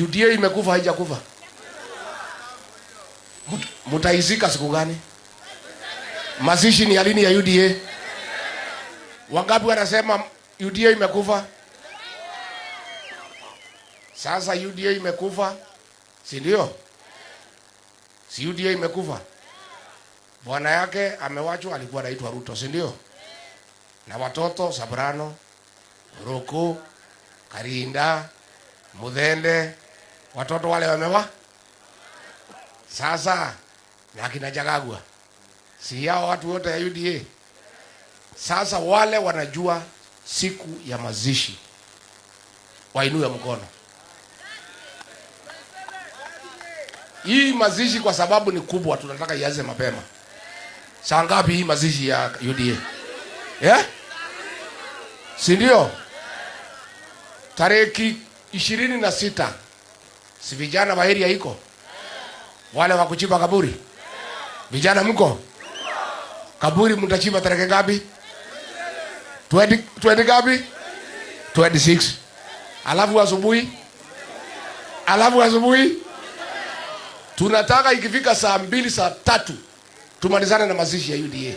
UDA imekufa haijakufa? Mutaizika siku gani? Mazishi ni ya lini ya UDA? Wangapi wanasema UDA imekufa? Sasa UDA imekufa, si ndio? Si UDA imekufa? Bwana yake amewachwa, alikuwa anaitwa Ruto, si ndio? Na watoto Sabrano, Ruku, Karinda, Mudhende watoto wale wamewa sasa na kina Jagagwa si yao watu wote ya UDA. Sasa wale wanajua siku ya mazishi wainue mkono hii mazishi, kwa sababu ni kubwa, tunataka ianze mapema. Saa ngapi hii mazishi ya UDA yeah? si ndio? Tareki ishirini na sita Si vijana wa area iko wale wa kuchimba kaburi, vijana mko kaburi, mtachimba tareke ngapi? 20 20 ngapi? 26. Alafu asubuhi, alafu asubuhi tunataka ikifika saa mbili saa tatu tumalizane na mazishi ya UDA.